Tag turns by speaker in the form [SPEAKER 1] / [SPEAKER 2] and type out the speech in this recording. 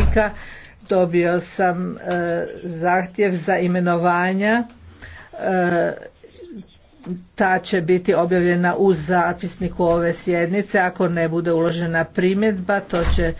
[SPEAKER 1] zastupnika. Dobio sam e, zahtjev za imenovanja. E, ta će biti objavljena u zapisniku ove sjednice. Ako ne bude uložena primjedba, to će